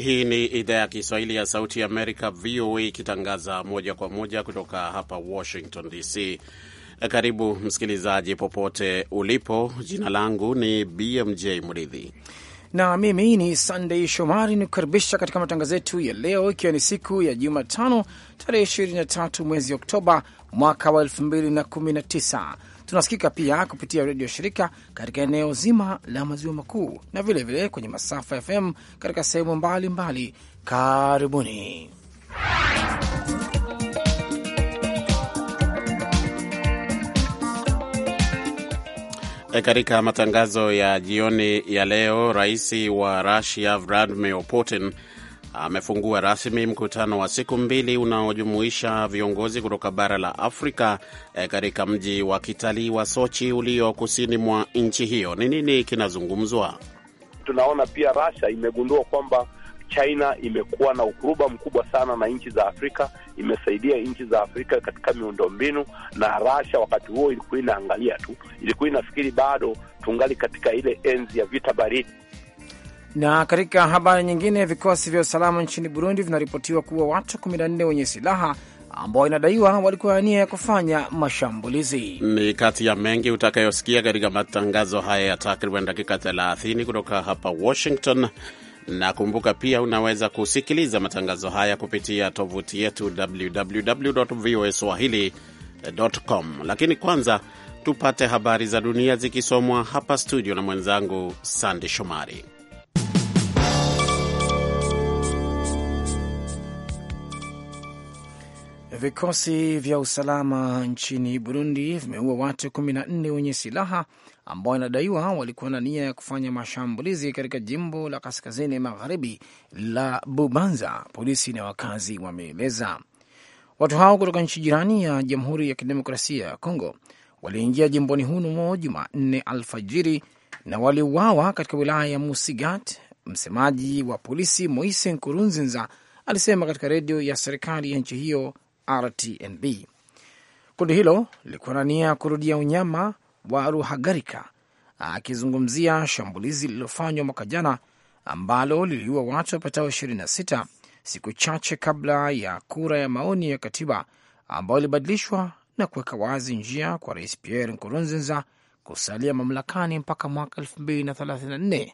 Hii ni idhaa ya Kiswahili ya Sauti ya Amerika, VOA, ikitangaza moja kwa moja kutoka hapa Washington DC. Karibu msikilizaji, popote ulipo. Jina langu ni BMJ Mridhi na mimi ni Sandei Shomari, ni kukaribisha katika matangazo yetu ya leo, ikiwa ni siku ya Jumatano tarehe 23 mwezi Oktoba mwaka wa 2019 Tunasikika pia kupitia redio shirika katika eneo zima la maziwa makuu na vilevile vile kwenye masafa FM katika sehemu mbalimbali. Karibuni. E, katika matangazo ya jioni ya leo, rais wa Russia Vladimir Putin amefungua rasmi mkutano wa siku mbili unaojumuisha viongozi kutoka bara la Afrika e, katika mji wa kitalii wa Sochi ulio kusini mwa nchi hiyo. Ni nini kinazungumzwa? Tunaona pia Russia imegundua kwamba China imekuwa na ukuruba mkubwa sana na nchi za Afrika, imesaidia nchi za Afrika katika miundombinu, na Russia wakati huo ilikuwa inaangalia tu, ilikuwa inafikiri bado tungali katika ile enzi ya vita baridi. Na katika habari nyingine, vikosi vya usalama nchini Burundi vinaripotiwa kuwa watu 14 wenye silaha ambao inadaiwa walikuwa na nia ya kufanya mashambulizi. Ni kati ya mengi utakayosikia katika matangazo haya ya takriban dakika 30 kutoka hapa Washington. Na kumbuka pia unaweza kusikiliza matangazo haya kupitia tovuti yetu voa www.voaswahili.com. Lakini kwanza tupate habari za dunia zikisomwa hapa studio na mwenzangu Sandi Shomari. Vikosi vya usalama nchini Burundi vimeua watu kumi na nne wenye silaha ambao inadaiwa walikuwa na nia ya kufanya mashambulizi katika jimbo la kaskazini magharibi la Bubanza, polisi na wakazi wameeleza. Watu hao kutoka nchi jirani ya Jamhuri ya Kidemokrasia ya Kongo waliingia jimboni humo Jumanne alfajiri na waliuawa katika wilaya ya Musigat. Msemaji wa polisi Moise Nkurunziza alisema katika redio ya serikali ya nchi hiyo RTNB. Kundi hilo lilikuwa na nia ya kurudia unyama wa Ruhagarika, akizungumzia shambulizi lililofanywa mwaka jana ambalo liliua watu wapatao 26 siku chache kabla ya kura ya maoni ya katiba ambayo ilibadilishwa na kuweka wazi njia kwa Rais Pierre Nkurunziza kusalia mamlakani mpaka mwaka 2034,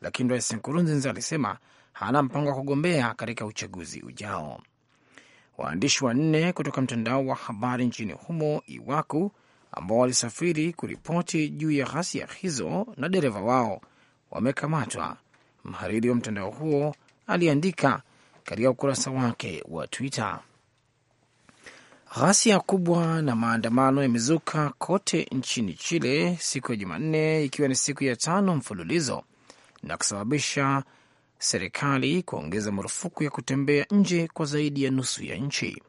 lakini Rais Nkurunziza alisema hana mpango wa kugombea katika uchaguzi ujao waandishi wanne kutoka mtandao wa habari nchini humo Iwaku, ambao walisafiri kuripoti juu ya ghasia hizo na dereva wao wamekamatwa. Mhariri wa mtandao huo aliandika katika ukurasa wake wa Twitter. Ghasia kubwa na maandamano yamezuka kote nchini Chile siku ya Jumanne, ikiwa ni siku ya tano mfululizo na kusababisha serikali kuongeza marufuku ya kutembea nje kwa zaidi ya nusu ya nchi.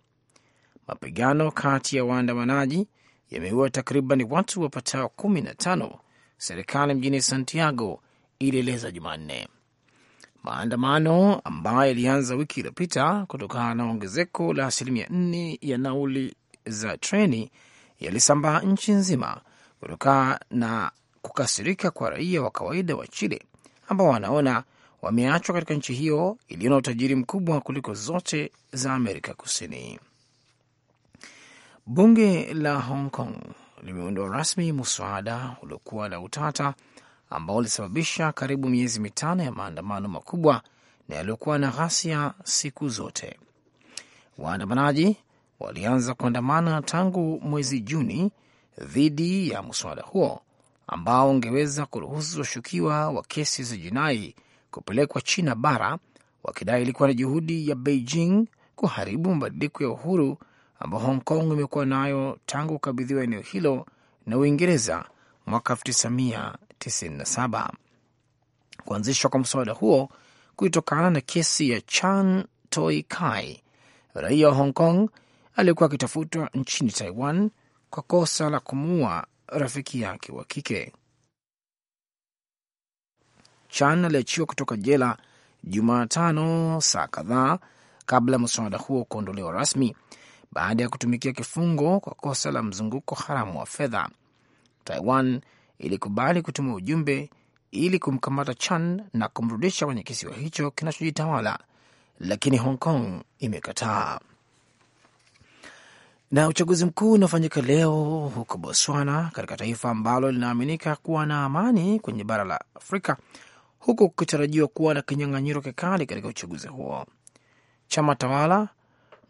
Mapigano kati ya waandamanaji yameua takriban watu wapatao kumi na tano, serikali mjini Santiago ilieleza Jumanne. Maandamano ambayo yalianza wiki iliyopita kutokana na ongezeko la asilimia nne ya nauli za treni yalisambaa nchi nzima kutokana na kukasirika kwa raia wa kawaida wa Chile ambao wanaona wameachwa katika nchi hiyo iliyo na utajiri mkubwa kuliko zote za Amerika Kusini. Bunge la Hong Kong limeondoa rasmi muswada uliokuwa na utata ambao ulisababisha karibu miezi mitano ya maandamano makubwa na yaliyokuwa na ghasia siku zote. Waandamanaji walianza kuandamana tangu mwezi Juni dhidi ya mswada huo ambao ungeweza kuruhusu washukiwa wa kesi za jinai kupelekwa China bara wakidai ilikuwa ni juhudi ya Beijing kuharibu mabadiliko ya uhuru ambao Hong Kong imekuwa nayo tangu kukabidhiwa eneo hilo na Uingereza mwaka 1997. Kuanzishwa kwa mswada huo kulitokana na kesi ya Chan Toi Kai, raia wa Hong Kong aliyekuwa akitafutwa nchini Taiwan kwa kosa la kumuua rafiki yake wa kike. Chan aliachiwa kutoka jela Jumatano, saa kadhaa kabla mswada huo kuondolewa rasmi baada ya kutumikia kifungo kwa kosa la mzunguko haramu wa fedha. Taiwan ilikubali kutuma ujumbe ili kumkamata Chan na kumrudisha kwenye kisiwa hicho kinachojitawala, lakini Hong Kong imekataa. Na uchaguzi mkuu unafanyika leo huko Botswana, katika taifa ambalo linaaminika kuwa na amani kwenye bara la Afrika huku kukitarajiwa kuwa na kinyang'anyiro kikali katika uchaguzi huo. Chama tawala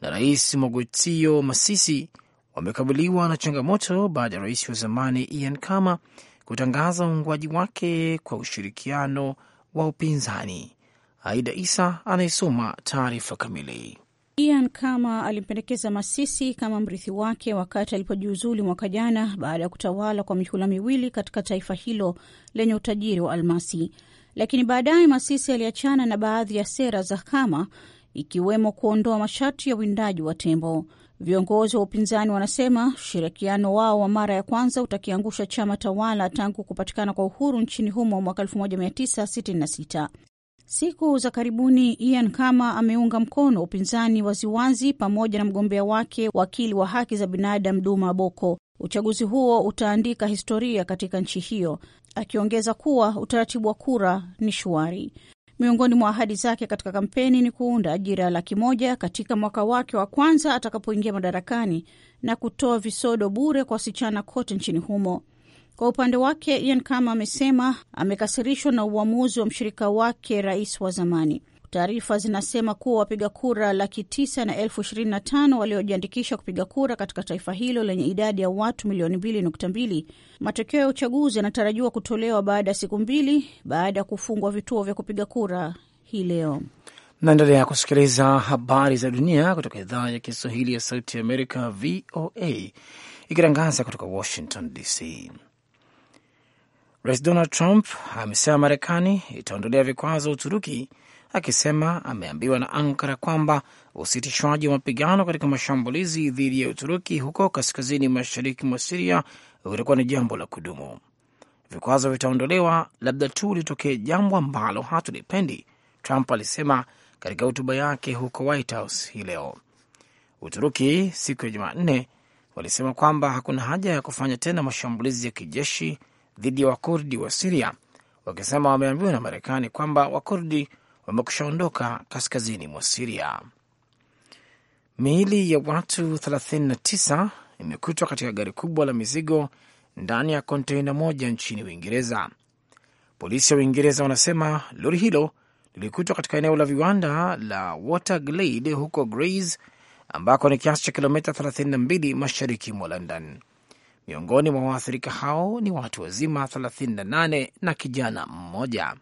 na Rais Mogotio Masisi wamekabiliwa na changamoto baada ya rais wa zamani Ian Kama kutangaza uungwaji wake kwa ushirikiano wa upinzani. Aida Isa anayesoma taarifa kamili. Ian Kama alimpendekeza Masisi kama mrithi wake wakati alipojiuzulu mwaka jana baada ya kutawala kwa mihula miwili katika taifa hilo lenye utajiri wa almasi lakini baadaye Masisi aliachana na baadhi ya sera za Khama, ikiwemo kuondoa masharti ya uwindaji wa tembo. Viongozi wa upinzani wanasema ushirikiano wao wa mara ya kwanza utakiangusha chama tawala tangu kupatikana kwa uhuru nchini humo mwaka 1966. Siku za karibuni Ian Khama ameunga mkono upinzani waziwazi pamoja na mgombea wake wakili wa haki za binadamu Duma Boko Uchaguzi huo utaandika historia katika nchi hiyo, akiongeza kuwa utaratibu wa kura ni shwari. Miongoni mwa ahadi zake katika kampeni ni kuunda ajira laki moja katika mwaka wake wa kwanza atakapoingia madarakani na kutoa visodo bure kwa wasichana kote nchini humo. Kwa upande wake, Ian Khama amesema amekasirishwa na uamuzi wa mshirika wake, rais wa zamani Taarifa zinasema kuwa wapiga kura laki tisa na elfu ishirini na tano waliojiandikisha kupiga kura katika taifa hilo lenye idadi ya watu milioni mbili nukta mbili. Matokeo ya uchaguzi yanatarajiwa kutolewa baada ya siku mbili baada ya kufungwa vituo vya kupiga kura hii leo. Naendelea kusikiliza habari za dunia kutoka idhaa ya Kiswahili ya Sauti ya Amerika, VOA, ikitangaza kutoka Washington DC. Rais Donald Trump amesema Marekani itaondolea vikwazo Uturuki akisema ameambiwa na Ankara kwamba usitishwaji wa mapigano katika mashambulizi dhidi ya Uturuki huko kaskazini mashariki mwa Siria utakuwa ni jambo la kudumu. Vikwazo vitaondolewa, labda tu litokee jambo ambalo hatulipendi, Trump alisema katika hotuba yake huko White House hii leo. Uturuki siku ya Jumanne walisema kwamba hakuna haja ya kufanya tena mashambulizi ya kijeshi dhidi ya Wakurdi wa Siria, wakisema wameambiwa na Marekani kwamba Wakurdi wamekusha ondoka kaskazini mwa Siria. Miili ya watu 39 imekutwa katika gari kubwa la mizigo ndani ya konteina moja nchini Uingereza. Polisi ya Uingereza wanasema lori hilo lilikutwa katika eneo la viwanda la Waterglade huko Grays, ambako ni kiasi cha kilomita 32 mashariki mwa London. Miongoni mwa waathirika hao ni watu wazima 38 na kijana mmoja.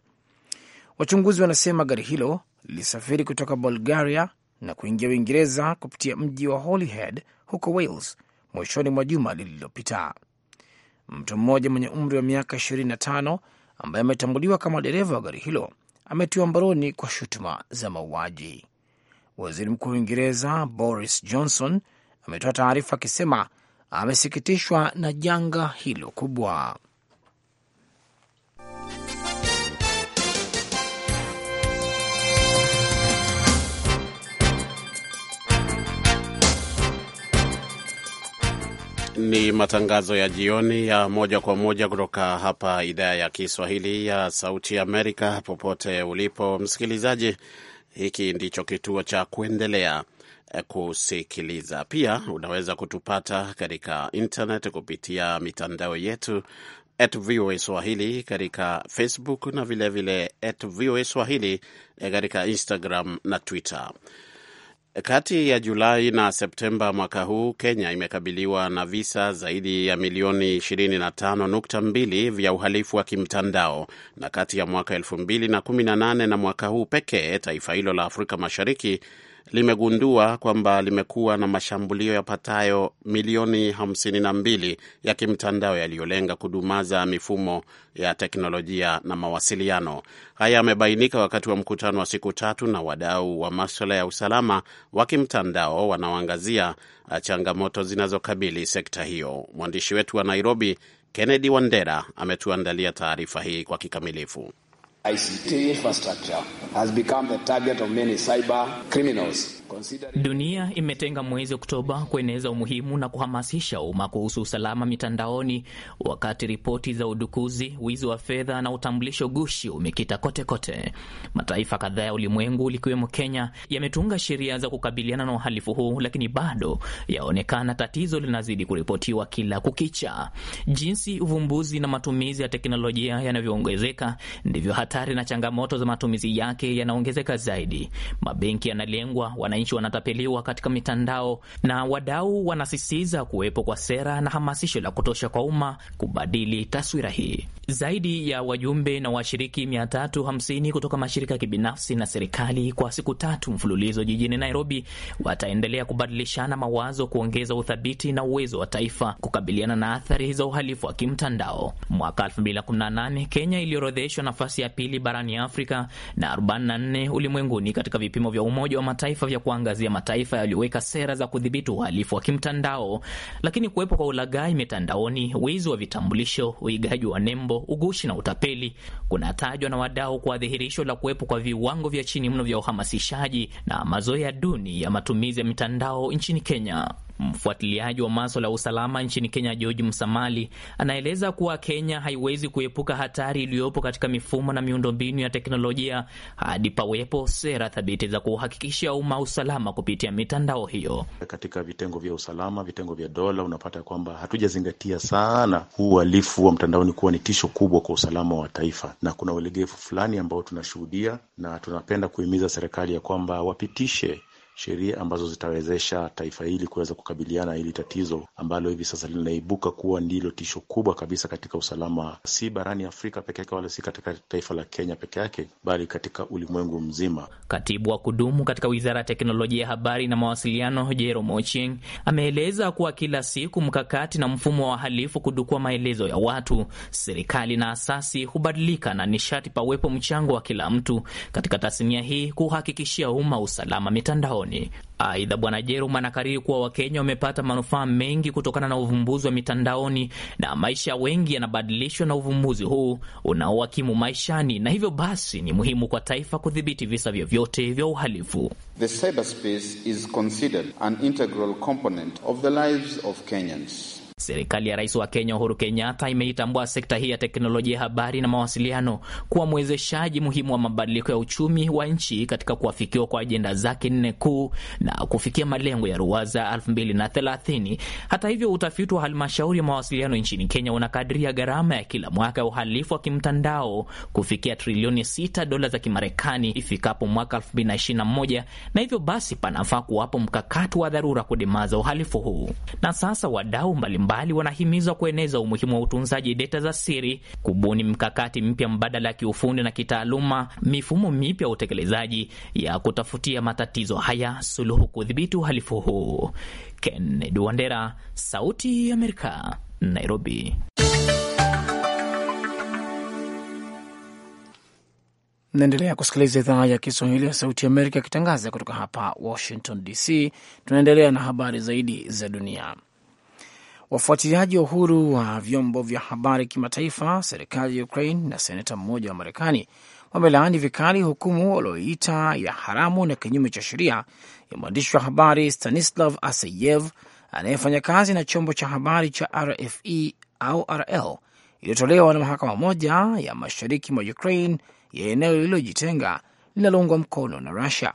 Wachunguzi wanasema gari hilo lilisafiri kutoka Bulgaria na kuingia Uingereza kupitia mji wa Holyhead huko Wales mwishoni mwa juma lililopita. Mtu mmoja mwenye umri wa miaka 25 ambaye ametambuliwa kama dereva wa gari hilo ametiwa mbaroni kwa shutuma za mauaji. Waziri Mkuu wa Uingereza Boris Johnson ametoa taarifa akisema amesikitishwa na janga hilo kubwa. Ni matangazo ya jioni ya moja kwa moja kutoka hapa idhaa ya Kiswahili ya Sauti Amerika. Popote ulipo msikilizaji, hiki ndicho kituo cha kuendelea kusikiliza. Pia unaweza kutupata katika internet kupitia mitandao yetu at VOA Swahili katika Facebook na vilevile at VOA Swahili katika Instagram na Twitter. Kati ya Julai na Septemba mwaka huu Kenya imekabiliwa na visa zaidi ya milioni 25.2 vya uhalifu wa kimtandao, na kati ya mwaka 2018 na mwaka huu pekee taifa hilo la Afrika Mashariki limegundua kwamba limekuwa na mashambulio yapatayo milioni 52 ya kimtandao yaliyolenga kudumaza mifumo ya teknolojia na mawasiliano. Haya yamebainika wakati wa mkutano wa siku tatu na wadau wa maswala ya usalama wa kimtandao wanaoangazia uh, changamoto zinazokabili sekta hiyo. Mwandishi wetu wa Nairobi, Kennedy Wandera, ametuandalia taarifa hii kwa kikamilifu. ICT infrastructure has become the target of many cyber criminals. Dunia imetenga mwezi Oktoba kueneza umuhimu na kuhamasisha umma kuhusu usalama mitandaoni, wakati ripoti za udukuzi, wizi wa fedha na utambulisho gushi umekita kote kote. Mataifa kadhaa ya ulimwengu likiwemo Kenya yametunga sheria za kukabiliana na uhalifu huu, lakini bado yaonekana tatizo linazidi kuripotiwa kila kukicha. Jinsi uvumbuzi na matumizi ya teknolojia yanavyoongezeka, ndivyo hatari na changamoto za matumizi yake yanaongezeka zaidi. Mabenki yanalengwa wana wananchi wanatapeliwa katika mitandao, na wadau wanasisitiza kuwepo kwa sera na hamasisho la kutosha kwa umma kubadili taswira hii. Zaidi ya wajumbe na washiriki 350 kutoka mashirika ya kibinafsi na serikali kwa siku tatu mfululizo jijini Nairobi wataendelea kubadilishana mawazo kuongeza uthabiti na uwezo wa taifa kukabiliana na athari za uhalifu wa kimtandao. Mwaka 2018 Kenya iliorodheshwa nafasi ya pili barani Afrika na 44 ulimwenguni katika vipimo vya Umoja wa Mataifa vya kuangazia mataifa yaliyoweka sera za kudhibiti uhalifu wa kimtandao, lakini kuwepo kwa ulaghai mitandaoni, wizi wa vitambulisho, uigaji wa nembo, ugushi na utapeli kunatajwa na wadau kwa dhihirisho la kuwepo kwa viwango vya chini mno vya uhamasishaji na mazoea duni ya matumizi ya mitandao nchini Kenya. Mfuatiliaji wa maswala ya usalama nchini Kenya, George Msamali, anaeleza kuwa Kenya haiwezi kuepuka hatari iliyopo katika mifumo na miundombinu ya teknolojia hadi pawepo sera thabiti za kuhakikisha umma usalama kupitia mitandao hiyo. Katika vitengo vya usalama, vitengo vya dola, unapata kwamba hatujazingatia sana huu uhalifu wa mtandaoni kuwa ni tisho kubwa kwa usalama wa taifa, na kuna ulegevu fulani ambao tunashuhudia, na tunapenda kuhimiza serikali ya kwamba wapitishe sheria ambazo zitawezesha taifa hili kuweza kukabiliana hili tatizo ambalo hivi sasa linaibuka kuwa ndilo tisho kubwa kabisa katika usalama, si barani Afrika peke yake, wala si katika taifa la Kenya peke yake, bali katika ulimwengu mzima. Katibu wa kudumu katika wizara ya teknolojia ya habari na mawasiliano Jerome Ochieng ameeleza kuwa kila siku mkakati na mfumo wa wahalifu kudukua maelezo ya watu, serikali na asasi hubadilika, na nishati pawepo mchango wa kila mtu katika tasnia hii kuhakikishia umma usalama mitandaoni mtandaoni. Aidha, Bwana Jerum anakariri kuwa Wakenya wamepata manufaa mengi kutokana na uvumbuzi wa mitandaoni na maisha wengi yanabadilishwa na uvumbuzi huu unaowakimu maishani, na hivyo basi ni muhimu kwa taifa kudhibiti visa vyovyote vya uhalifu. The cyberspace is considered an integral component of the lives of Kenyans. Serikali ya Rais wa Kenya Uhuru Kenyatta imeitambua sekta hii ya teknolojia ya habari na mawasiliano kuwa mwezeshaji muhimu wa mabadiliko ya uchumi wa nchi katika kuafikiwa kwa ajenda zake nne kuu na kufikia malengo ya ruwaza 2030. Hata hivyo, utafiti wa halmashauri ya mawasiliano nchini Kenya unakadiria gharama ya kila mwaka ya uhalifu wa kimtandao kufikia trilioni 6 dola za Kimarekani ifikapo mwaka 2021, na hivyo basi panafaa kuwapo mkakati wa dharura kudimaza uhalifu huu. Na sasa wadau mbalimbali bali wanahimizwa kueneza umuhimu wa utunzaji data za siri, kubuni mkakati mpya mbadala ya kiufundi na kitaaluma, mifumo mipya ya utekelezaji ya kutafutia matatizo haya suluhu, kudhibiti uhalifu huu. Kennedy Wandera, Sauti ya Amerika, Nairobi. Naendelea kusikiliza idhaa ya Kiswahili ya Sauti ya Amerika ikitangaza kutoka hapa Washington DC. Tunaendelea na habari zaidi za dunia. Wafuatiliaji wa uhuru wa vyombo vya habari kimataifa, serikali ya Ukraine na seneta mmoja wa Marekani wamelaani vikali hukumu walioita ya haramu na kinyume cha sheria ya mwandishi wa habari Stanislav Aseyev anayefanya kazi na chombo cha habari cha RFE au RL iliyotolewa na mahakama moja ya mashariki mwa Ukraine ya eneo lililojitenga linaloungwa mkono na Rusia.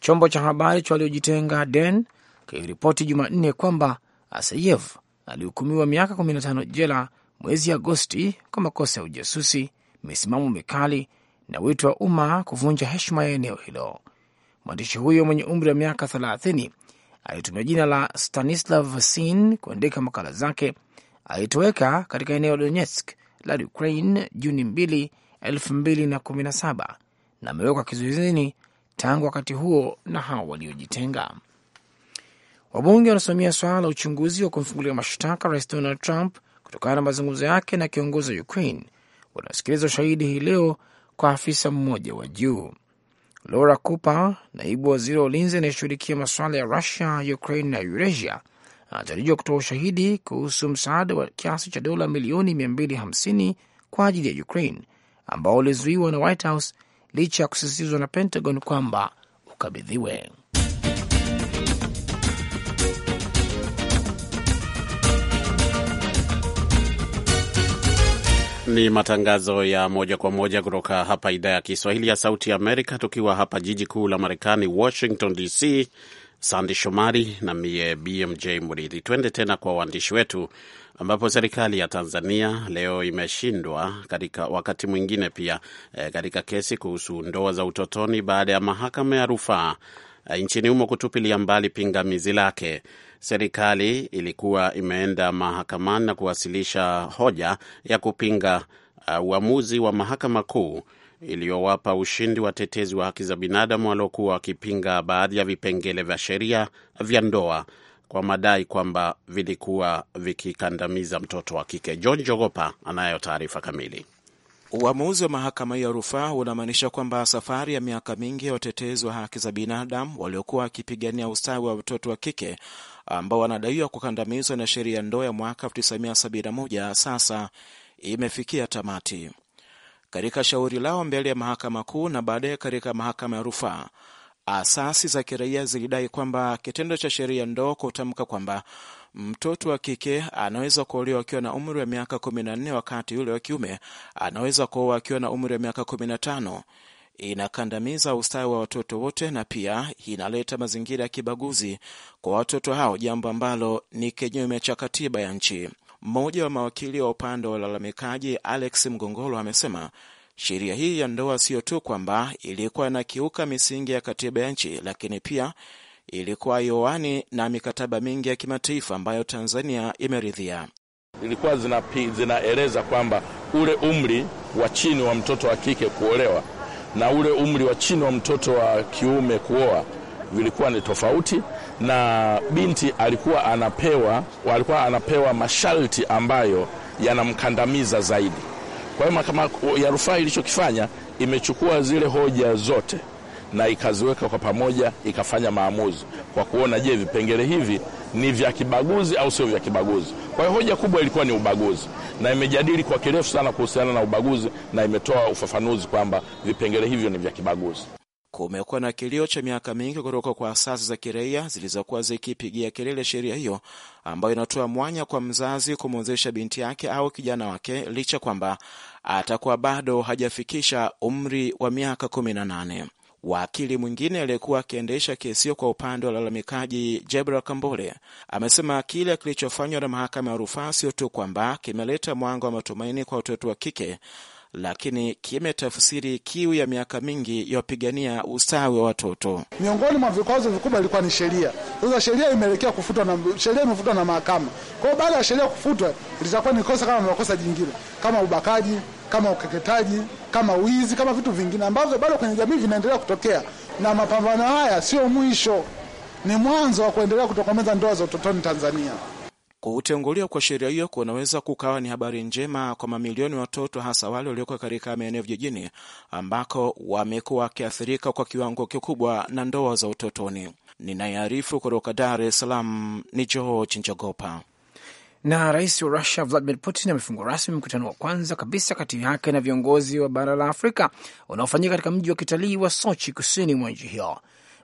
Chombo cha habari cha waliojitenga Den kiliripoti Jumanne kwamba Asayev alihukumiwa miaka 15 jela mwezi Agosti kwa makosa ya ujasusi, misimamo mikali na wito wa umma kuvunja heshima ya eneo hilo. Mwandishi huyo mwenye umri wa miaka 30 alitumia jina la Stanislav Vasin kuandika makala zake. Alitoweka katika eneo Donetsk la Ukraine Juni 2, 2017 na amewekwa kizuizini tangu wakati huo na hao waliojitenga. Wabunge wanasimamia swala la uchunguzi wa kumfungulia mashtaka rais Donald Trump kutokana na mazungumzo yake na kiongozi wa Ukraine wanaosikiliza ushahidi hii leo kwa afisa mmoja wa juu. Laura Cooper, naibu waziri wa ulinzi anayeshughulikia masuala ya Rusia, Ukraine na Eurasia, anatarajiwa kutoa ushahidi kuhusu msaada wa kiasi cha dola milioni 250 kwa ajili ya Ukraine ambao ulizuiwa na White House licha ya kusisitizwa na Pentagon kwamba ukabidhiwe. Ni matangazo ya moja kwa moja kutoka hapa idhaa ya Kiswahili ya Sauti Amerika, tukiwa hapa jiji kuu la Marekani, Washington DC. Sandi Shomari na mie BMJ Mridhi. Twende tena kwa waandishi wetu, ambapo serikali ya Tanzania leo imeshindwa katika wakati mwingine pia e, katika kesi kuhusu ndoa za utotoni baada ya mahakama ya rufaa eh, nchini humo kutupilia mbali pingamizi lake serikali ilikuwa imeenda mahakamani na kuwasilisha hoja ya kupinga uh, uamuzi wa mahakama kuu iliyowapa ushindi watetezi wa haki za binadamu waliokuwa wakipinga baadhi ya vipengele vya sheria vya ndoa kwa madai kwamba vilikuwa vikikandamiza mtoto wa kike. John Jogopa anayo taarifa kamili. Uamuzi wa mahakama hiyo ya rufaa unamaanisha kwamba safari ya miaka mingi ya watetezi wa haki za binadamu waliokuwa wakipigania ustawi wa watoto wa kike ambao wanadaiwa kukandamizwa na sheria ya ndoa ya mwaka 1971 sasa imefikia tamati. Katika shauri lao mbele ya mahakama kuu na baadaye katika mahakama ya rufaa, asasi za kiraia zilidai kwamba kitendo cha sheria ndoo ndoa kutamka kwamba Mtoto wa kike anaweza kuolewa akiwa na umri wa miaka 14 wakati yule wa kiume anaweza kuoa akiwa na umri wa miaka 15. Inakandamiza ustawi wa watoto wote na pia inaleta mazingira ya kibaguzi kwa watoto hao, jambo ambalo ni kinyume cha katiba ya nchi. Mmoja wa mawakili wa upande wa ulalamikaji Alex Mgongolo amesema sheria hii ya ndoa siyo tu kwamba ilikuwa inakiuka misingi ya katiba ya nchi, lakini pia ilikuwa yoani na mikataba mingi ya kimataifa ambayo Tanzania imeridhia. Ilikuwa zinaeleza zina kwamba ule umri wa chini wa mtoto wa kike kuolewa na ule umri wa chini wa mtoto wa kiume kuoa vilikuwa ni tofauti, na binti alikuwa anapewa alikuwa anapewa masharti ambayo yanamkandamiza zaidi. Kwa hiyo mahakama ya rufaa ilichokifanya imechukua zile hoja zote na ikaziweka kwa pamoja, ikafanya maamuzi kwa kuona, je, vipengele hivi ni vya kibaguzi au sio vya kibaguzi? Kwa hiyo hoja kubwa ilikuwa ni ubaguzi, na imejadili kwa kirefu sana kuhusiana na ubaguzi na imetoa ufafanuzi kwamba vipengele hivyo ni vya kibaguzi. Kumekuwa na kilio cha miaka mingi kutoka kwa asasi za kiraia zilizokuwa zikipigia kelele sheria hiyo ambayo inatoa mwanya kwa mzazi kumwezesha binti yake au kijana wake licha kwamba atakuwa bado hajafikisha umri wa miaka kumi na nane. Wakili mwingine aliyekuwa akiendesha kesi hiyo kwa upande wa lalamikaji Jebra Kambole amesema kile kilichofanywa na mahakama ya rufaa sio tu kwamba kimeleta mwanga wa matumaini kwa watoto wa kike, lakini kimetafsiri kiu ya miaka mingi ya wapigania ustawi wa watoto. Miongoni mwa vikwazo vikubwa ilikuwa ni sheria. Sasa sheria imeelekea kufutwa na sheria imefutwa na mahakama. Kwa hiyo baada ya sheria kufutwa, litakuwa ni kosa kama makosa jingine kama ubakaji, kama ukeketaji, kama wizi, kama vitu vingine ambavyo bado kwenye jamii vinaendelea kutokea, na mapambano haya sio mwisho, ni mwanzo wa kuendelea kutokomeza ndoa za utotoni Tanzania. Kutenguliwa kwa sheria hiyo kunaweza kukawa ni habari njema kwa mamilioni watoto, hasa wale walioko katika maeneo vijijini ambako wamekuwa wakiathirika kwa kiwango kikubwa na ndoa za utotoni. Ninayearifu kutoka Dar es Salaam ni George Njogopa. Na rais wa rusia Vladimir Putin amefungua rasmi mkutano wa kwanza kabisa kati yake na viongozi wa bara la Afrika unaofanyika katika mji wa kitalii wa Sochi, kusini mwa nchi hiyo.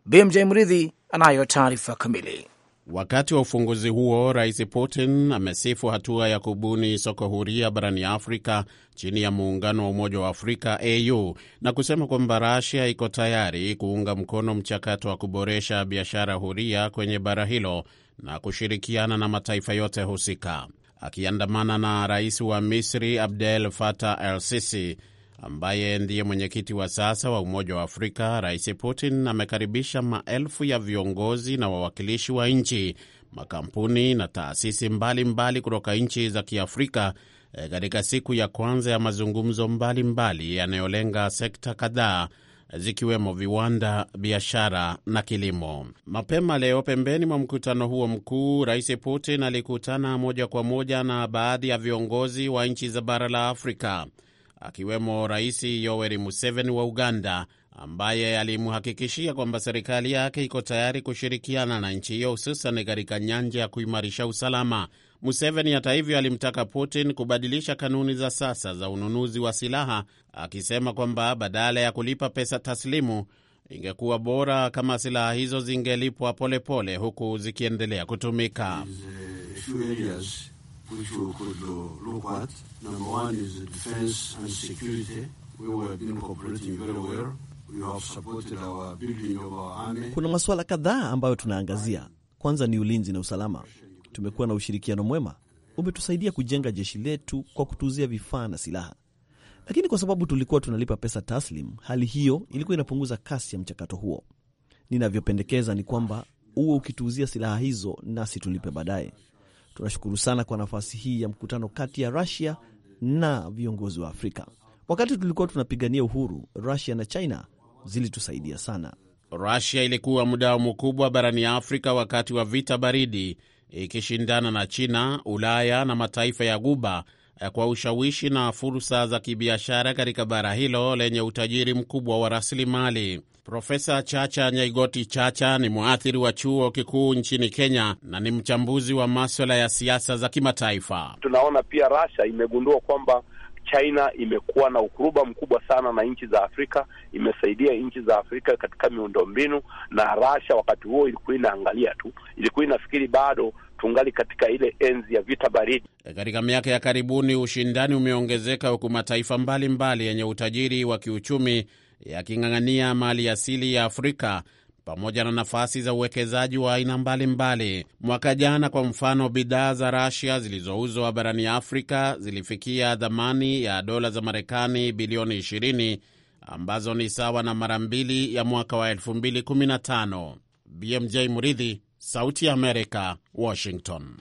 BMJ Mridhi anayo taarifa kamili. Wakati wa ufunguzi huo, Rais Putin amesifu hatua ya kubuni soko huria barani Afrika chini ya muungano wa Umoja wa Afrika AU na kusema kwamba Rasia iko tayari kuunga mkono mchakato wa kuboresha biashara huria kwenye bara hilo na kushirikiana na mataifa yote husika. Akiandamana na rais wa Misri Abdel Fattah el Sisi, ambaye ndiye mwenyekiti wa sasa wa Umoja wa Afrika, Rais Putin amekaribisha maelfu ya viongozi na wawakilishi wa nchi, makampuni na taasisi mbalimbali kutoka nchi za Kiafrika eh, katika siku ya kwanza ya mazungumzo mbalimbali yanayolenga sekta kadhaa zikiwemo viwanda, biashara na kilimo. Mapema leo, pembeni mwa mkutano huo mkuu, Rais Putin alikutana moja kwa moja na baadhi ya viongozi wa nchi za bara la Afrika akiwemo Rais Yoweri Museveni wa Uganda ambaye alimhakikishia kwamba serikali yake iko tayari kushirikiana na nchi hiyo hususan katika nyanja ya kuimarisha usalama. Museveni hata hivyo alimtaka Putin kubadilisha kanuni za sasa za ununuzi wa silaha, akisema kwamba badala ya kulipa pesa taslimu ingekuwa bora kama silaha hizo zingelipwa polepole huku zikiendelea kutumika. Uh, which we could look at. Number one is defense and security. We were been cooperating very well. We have supported our building of our army. Kuna masuala kadhaa ambayo tunaangazia. Kwanza ni ulinzi na usalama. Tumekuwa na ushirikiano mwema, umetusaidia kujenga jeshi letu kwa kutuuzia vifaa na silaha, lakini kwa sababu tulikuwa tunalipa pesa taslim, hali hiyo ilikuwa inapunguza kasi ya mchakato huo. Ninavyopendekeza ni kwamba uwe ukituuzia silaha hizo nasi tulipe baadaye. Tunashukuru sana kwa nafasi hii ya mkutano kati ya Rusia na viongozi wa Afrika. Wakati tulikuwa tunapigania uhuru, Rusia na China zilitusaidia sana. Rusia ilikuwa mdao mkubwa barani Afrika wakati wa vita baridi, ikishindana na China, Ulaya na mataifa ya Guba eh, kwa ushawishi na fursa za kibiashara katika bara hilo lenye utajiri mkubwa wa rasilimali. Profesa Chacha Nyaigoti Chacha ni mwathiri wa chuo kikuu nchini Kenya na ni mchambuzi wa maswala ya siasa za kimataifa. Tunaona pia Russia imegundua kwamba China imekuwa na ukuruba mkubwa sana na nchi za Afrika, imesaidia nchi za Afrika katika miundombinu, na Russia wakati huo ilikuwa inaangalia tu, ilikuwa inafikiri bado tungali katika ile enzi ya vita baridi. E, katika miaka ya karibuni ushindani umeongezeka huku mataifa mbalimbali yenye utajiri wa kiuchumi yaking'ang'ania mali asili ya Afrika pamoja na nafasi za uwekezaji wa aina mbalimbali. Mwaka jana, kwa mfano, bidhaa za Rasia zilizouzwa barani Afrika zilifikia thamani ya dola za Marekani bilioni 20 ambazo ni sawa na mara mbili ya mwaka wa 2015. BMJ Muridhi, Sauti ya Amerika, Washington.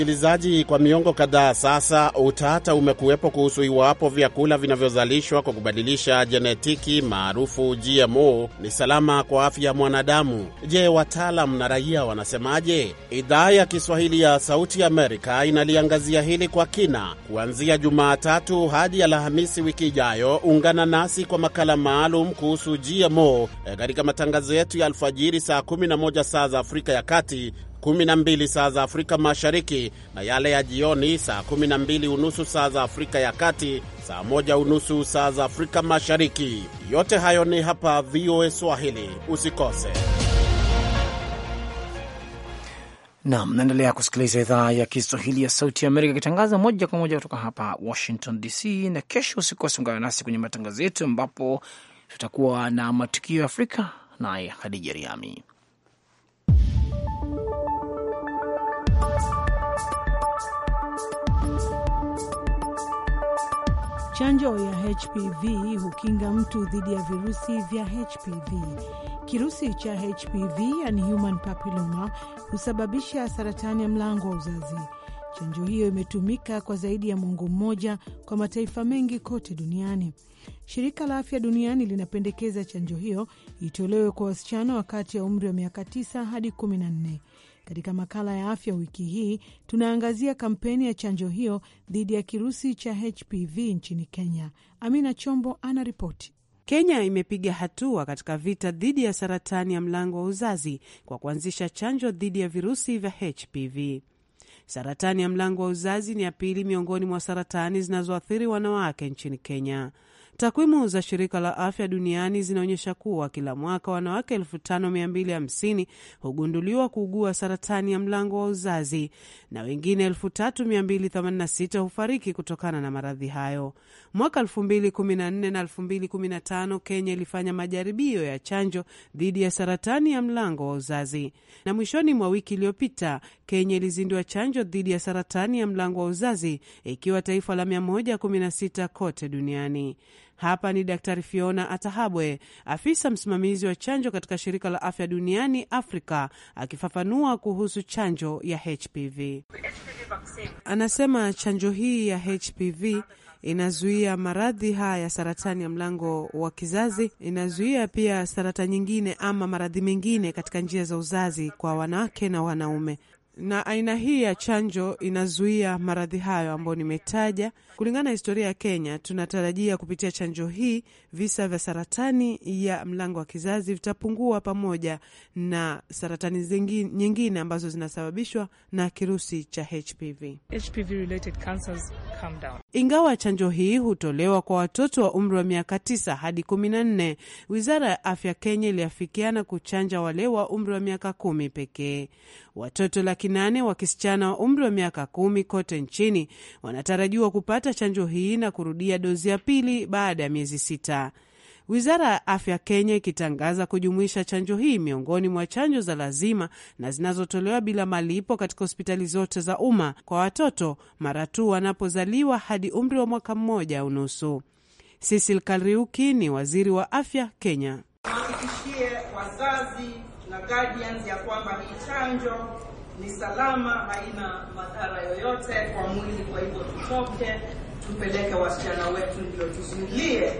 Msikilizaji, kwa miongo kadhaa sasa, utata umekuwepo kuhusu iwapo vyakula vinavyozalishwa kwa kubadilisha jenetiki maarufu GMO ni salama kwa afya ya mwanadamu. Je, wataalam na raia wanasemaje? Idhaa ya Kiswahili ya Sauti Amerika inaliangazia hili kwa kina kuanzia Jumatatu hadi Alhamisi wiki ijayo. Ungana nasi kwa makala maalum kuhusu GMO eh, katika matangazo yetu ya alfajiri saa 11 saa za Afrika ya Kati 12 saa za Afrika Mashariki na yale ya jioni saa 12 unusu saa za Afrika ya Kati, saa 1 unusu saa za Afrika Mashariki. Yote hayo ni hapa VOA Swahili, usikose. Nam, naendelea kusikiliza idhaa ya Kiswahili ya Sauti ya Amerika ikitangaza moja kwa moja kutoka hapa Washington DC. Na kesho usikose, ungana nasi kwenye matangazo yetu ambapo tutakuwa na matukio ya Afrika naye Hadija Riami. Chanjo ya HPV hukinga mtu dhidi ya virusi vya HPV. Kirusi cha HPV yani human papilloma husababisha saratani ya mlango wa uzazi. Chanjo hiyo imetumika kwa zaidi ya mwongo mmoja kwa mataifa mengi kote duniani. Shirika la Afya Duniani linapendekeza chanjo hiyo itolewe kwa wasichana wakati ya umri wa miaka 9 hadi 14. Katika makala ya afya wiki hii tunaangazia kampeni ya chanjo hiyo dhidi ya kirusi cha HPV nchini Kenya. Amina Chombo anaripoti. Kenya imepiga hatua katika vita dhidi ya saratani ya mlango wa uzazi kwa kuanzisha chanjo dhidi ya virusi vya HPV. Saratani ya mlango wa uzazi ni ya pili miongoni mwa saratani zinazoathiri wanawake nchini Kenya. Takwimu za shirika la afya duniani zinaonyesha kuwa kila mwaka wanawake 5250 hugunduliwa kuugua saratani ya mlango wa uzazi na wengine 3286 hufariki kutokana na maradhi hayo. Mwaka 2014 na 2015 Kenya ilifanya majaribio ya chanjo dhidi ya saratani ya mlango wa uzazi, na mwishoni mwa wiki iliyopita Kenya ilizindua chanjo dhidi ya saratani ya mlango wa uzazi ikiwa taifa la 116 kote duniani. Hapa ni Daktari Fiona Atahabwe, afisa msimamizi wa chanjo katika shirika la afya duniani Afrika, akifafanua kuhusu chanjo ya HPV. Anasema chanjo hii ya HPV inazuia maradhi haya ya saratani ya mlango wa kizazi, inazuia pia saratani nyingine ama maradhi mengine katika njia za uzazi kwa wanawake na wanaume na aina hii ya chanjo inazuia maradhi hayo ambayo nimetaja. Kulingana na historia ya Kenya, tunatarajia kupitia chanjo hii visa vya saratani ya mlango wa kizazi vitapungua, pamoja na saratani zingine, nyingine ambazo zinasababishwa na kirusi cha HPV. HPV related cancers come down. Ingawa chanjo hii hutolewa kwa watoto wa umri wa miaka tisa hadi kumi na nne wizara ya afya Kenya iliafikiana kuchanja wale wa umri wa miaka kumi pekee. Watoto laki nane wa kisichana wa umri wa miaka kumi kote nchini wanatarajiwa kupata chanjo hii na kurudia dozi ya pili baada ya miezi sita. Wizara ya afya Kenya ikitangaza kujumuisha chanjo hii miongoni mwa chanjo za lazima na zinazotolewa bila malipo katika hospitali zote za umma kwa watoto mara tu wanapozaliwa hadi umri wa mwaka mmoja unusu. sisil Kariuki ni waziri wa afya Kenya. wazazi Guardians ya kwamba hii chanjo ni salama, haina madhara yoyote kwa mwili. Kwa hivyo tutoke tupeleke wasichana wetu ndio tuzuie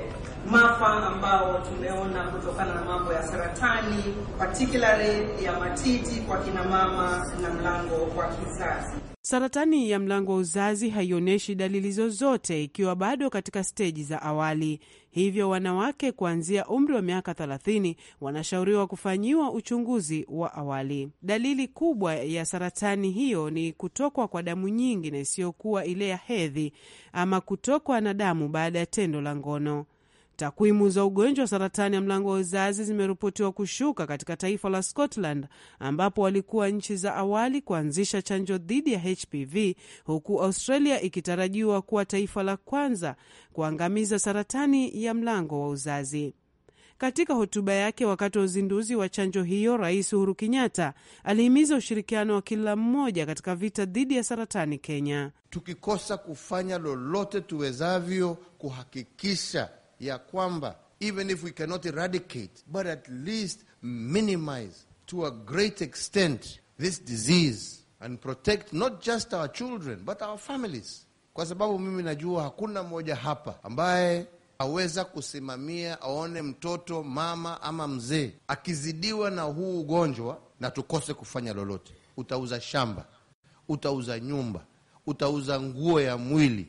mafa ambao tumeona kutokana na mambo ya saratani, particularly ya matiti kwa kina mama na mlango wa kizazi. Saratani ya mlango wa uzazi haionyeshi dalili zozote ikiwa bado katika steji za awali. Hivyo wanawake kuanzia umri wa miaka 30 wanashauriwa kufanyiwa uchunguzi wa awali. Dalili kubwa ya saratani hiyo ni kutokwa kwa damu nyingi na isiyokuwa ile ya hedhi ama kutokwa na damu baada ya tendo la ngono. Takwimu za ugonjwa wa saratani ya mlango wa uzazi zimeripotiwa kushuka katika taifa la Scotland ambapo walikuwa nchi za awali kuanzisha chanjo dhidi ya HPV huku Australia ikitarajiwa kuwa taifa la kwanza kuangamiza saratani ya mlango wa uzazi. Katika hotuba yake wakati wa uzinduzi wa chanjo hiyo, Rais Uhuru Kenyatta alihimiza ushirikiano wa kila mmoja katika vita dhidi ya saratani Kenya. Tukikosa kufanya lolote tuwezavyo kuhakikisha ya kwamba even if we cannot eradicate but at least minimize to a great extent this disease and protect not just our children but our families, kwa sababu mimi najua hakuna mmoja hapa ambaye aweza kusimamia aone mtoto mama ama mzee akizidiwa na huu ugonjwa na tukose kufanya lolote. Utauza shamba, utauza nyumba, utauza nguo ya mwili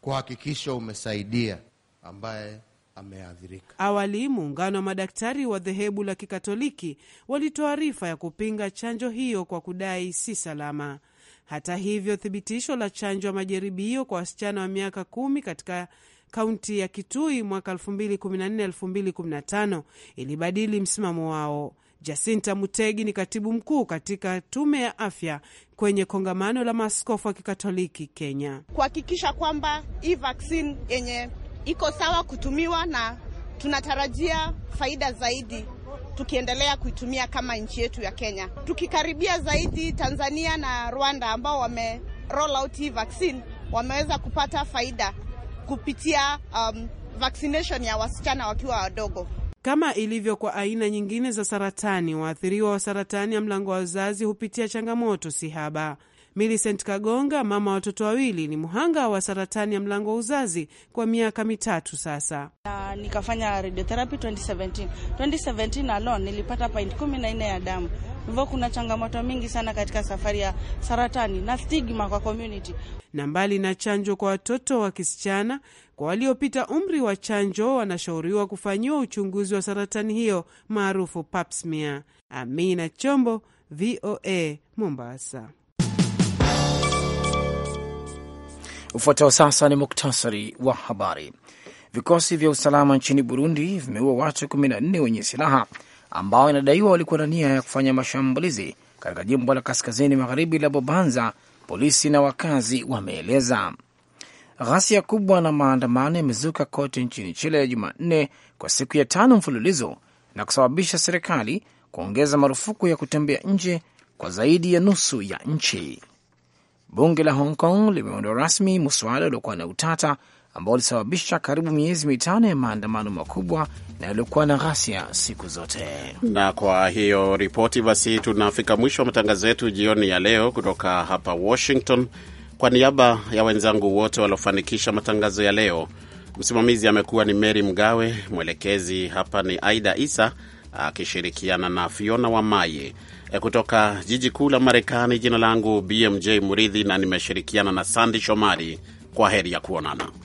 kuhakikisha umesaidia ambaye ameathirika. Awali muungano wa madaktari wa dhehebu la Kikatoliki walitoarifa ya kupinga chanjo hiyo kwa kudai si salama. Hata hivyo, thibitisho la chanjo ya majaribio kwa wasichana wa miaka kumi katika kaunti ya Kitui mwaka 2014-2015 ilibadili msimamo wao. Jacinta Mutegi ni katibu mkuu katika tume ya afya kwenye kongamano la maaskofu wa Kikatoliki Kenya, kuhakikisha kwamba hii vaksini yenye iko sawa kutumiwa na tunatarajia faida zaidi tukiendelea kuitumia kama nchi yetu ya Kenya, tukikaribia zaidi Tanzania na Rwanda ambao wame roll out hii vaccine, wameweza kupata faida kupitia um, vaccination ya wasichana wakiwa wadogo. Kama ilivyo kwa aina nyingine za saratani, waathiriwa wa saratani ya mlango wa uzazi hupitia changamoto sihaba. Millicent Kagonga, mama watoto wawili, ni mhanga wa saratani ya mlango wa uzazi kwa miaka mitatu sasa. Uh, nikafanya radiotherapy 2017. 2017 alone nilipata paint kumi ya damu hivyo kuna changamoto mingi sana katika safari ya saratani na stigma kwa community. Na mbali na chanjo kwa watoto wa kisichana, kwa waliopita umri wa chanjo wanashauriwa kufanyiwa uchunguzi wa saratani hiyo maarufu pap smear. Amina Chombo, VOA, Mombasa. Ufuatao sasa ni muktasari wa habari. Vikosi vya usalama nchini Burundi vimeua watu 14 wenye silaha ambao inadaiwa walikuwa na nia ya kufanya mashambulizi katika jimbo la kaskazini magharibi la Bobanza, polisi na wakazi wameeleza. Ghasia kubwa na maandamano yamezuka kote nchini Chile ya Jumanne kwa siku ya tano mfululizo na kusababisha serikali kuongeza marufuku ya kutembea nje kwa zaidi ya nusu ya nchi. Bunge la Hong Kong limeondoa rasmi muswada uliokuwa na utata ambao ulisababisha karibu miezi mitano ya maandamano makubwa na yaliokuwa na ghasia siku zote. Na kwa hiyo ripoti, basi tunafika mwisho wa matangazo yetu jioni ya leo kutoka hapa Washington. Kwa niaba ya wenzangu wote waliofanikisha matangazo ya leo, msimamizi amekuwa ni Mary Mgawe, mwelekezi hapa ni Aida Isa akishirikiana na Fiona Wamaye. Eh, kutoka jiji kuu la Marekani. Jina langu BMJ Muridhi na nimeshirikiana na Sandi Shomari. Kwa heri ya kuonana.